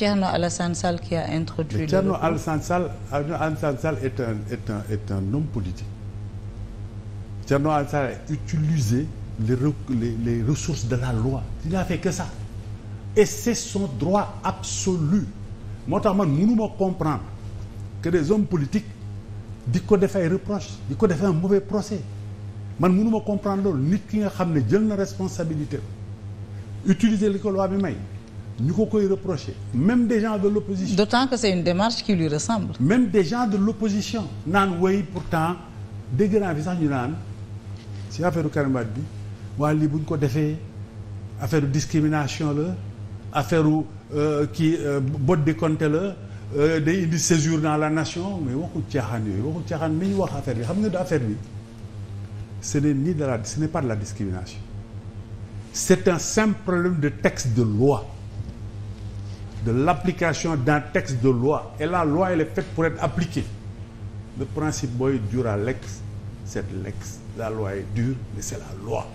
Thierno Alassane Sall qui a introduit. Thierno Alassane Sall Alassane Sall est un est un est un homme politique Thierno Alassane a utilisé les les les de la loi. il n'a fait que ça et c'est son droit absolu moo tax man mënuma comprendre que des hommes politiques di ko def ay reproches di ko def un mauvais procès man mënuma comprendre loolu nit ki nga xam ne jël na responsabilité utiliser li ko loi bi may. ñu ko koy reprocher même des gens de l'opposition d'autant que c'est une démarche qui lui ressemble même des gens de l'opposition naan woy pourtant dégg naa fi sax ñu naan si affaire Karim bi waa lii bu ñu ko defee affaire discrimination la affaire euh, kii botte de compte la euh, day indi séjour dans la nation mais waxu caaxaan yooyu waxu caaxaan mi ñu wax affaire bi xam nga da affaire bi ce n'est ni de la ce n'est pas de la discrimination c'est un simple problème de texte de loi de l'application d'un texte de loi et la loi elle est faite pour être appliquée le principe booy dura lex sed lex la loi est dure mais c'est la loi